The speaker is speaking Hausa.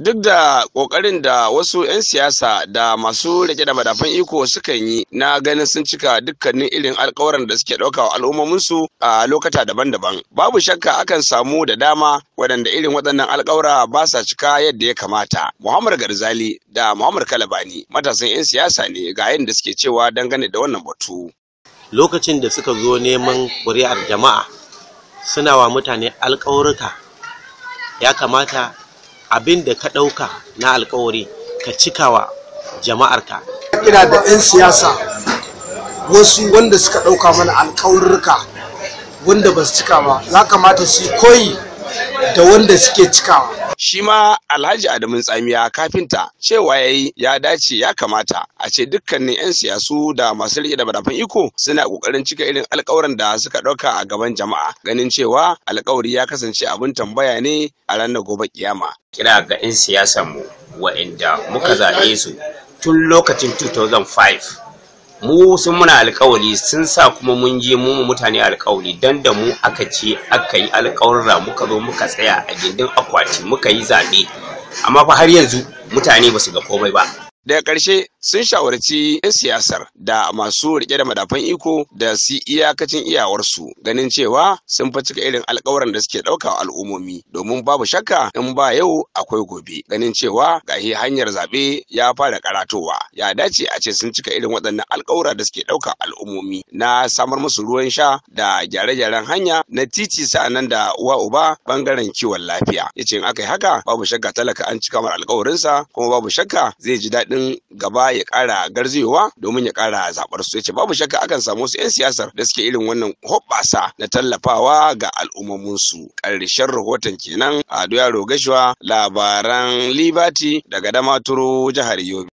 duk da kokarin da wasu 'yan siyasa da masu rike da madafan iko sukan yi na ganin sun cika dukkanin irin alkawaran da suke ɗauka wa al'ummominsu a lokata daban-daban babu shakka akan samu da dama waɗanda irin waɗannan alkawara ba sa cika yadda ya kamata muhammad garzali da muhammad kalabani matasan 'yan siyasa ne ga da suke cewa dangane da wannan batu lokacin da suka zo neman ƙuri'ar jama'a suna wa mutane alkawurka ya kamata abin da ka ɗauka na alkawari ka cikawa jama'arka ina da 'yan siyasa wasu wanda suka ɗauka mana alkawarurka wanda ba su cika ba za kamata su koyi da wanda suke cikawa shi ma alhaji adamun tsamiya kafinta cewa ya yi ya dace ya kamata a ce dukkanin 'yan siyasu da masu riƙe da madafan iko suna ƙoƙarin cika irin alƙawuran da suka ɗauka a gaban jama'a ganin cewa alƙawari ya kasance abin tambaya ne a ranar gobe kiyama kira ga 'yan mu wa'inda muka zaɓe su tun lokacin 2005 mu sun muna alkawali sun sa kuma mun je mu mutane alkawali dan da mu aka ce aka yi alkawarra muka zo muka tsaya a gindin akwati muka yi zaɓe amma fa har yanzu mutane ba su ga komai ba daga ƙarshe sun shawarci 'yan siyasar da masu rike da madafan iko da su iyakacin iyawarsu ganin cewa sun fi cika irin alkawaran da suke ɗauka al'ummomi domin babu shakka in ba yau akwai gobe ganin cewa ga hanyar zaɓe ya fara karatowa ya dace a ce sun cika irin waɗannan alkawura da suke ɗauka al'ummomi na samar musu ruwan sha da gyare-gyaren hanya na titi sa'annan da uwa uba bangaren kiwon lafiya ya ce in aka yi haka babu shakka talaka an cika mar alkawarinsa kuma babu shakka zai ji daɗin gaba ya ƙara garzewa domin ya ƙara zaɓar su yace babu shakka akan samu wasu 'yan siyasar da suke irin wannan hoɓɓasa na tallafawa ga al'ummominsu ƙarshen rahoton kenan a doya rogashwa labaran liberty daga damaturu jihar yobe